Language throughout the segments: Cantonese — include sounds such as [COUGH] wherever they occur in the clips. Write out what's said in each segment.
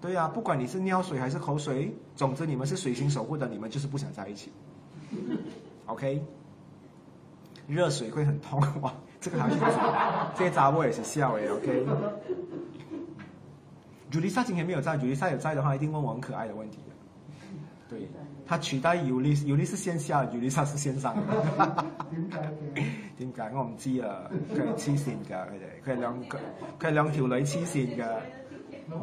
對呀、啊，不管你是尿水還是口水，總之你們是水星守護的，你們就是不想在一起。OK，熱水會很痛哇，這個像。是，這個、雜物也是笑誒。OK，朱莉莎今天沒有在，朱莉莎有在的話，一定問我很可愛的問題的。對，他取代尤利，尤利是線下，尤利薩是線上的。點 [LAUGHS] 解？點解？我唔知啊，佢係黐線噶，佢哋，佢係兩個，佢係兩條女黐線噶。嗯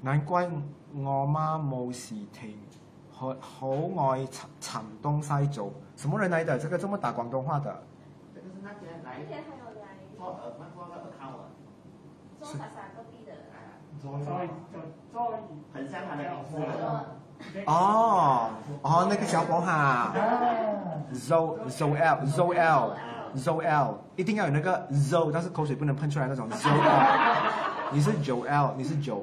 難怪我媽冇時停，好好愛尋尋東西做。什麼人嚟的？這個咁乜大廣東話的？這個是哪邊嚟？呢邊係我嚟。做呃，那個二號啊。做佛山嗰邊的啊。做做做，彭山嗰邊嘅。哦，哦，那個小波哈。Zo Zo L Zo L Zo L，一定要有那個 Zo，但是口水不能噴出來，那種 Zo。你是九 L，你是 Zo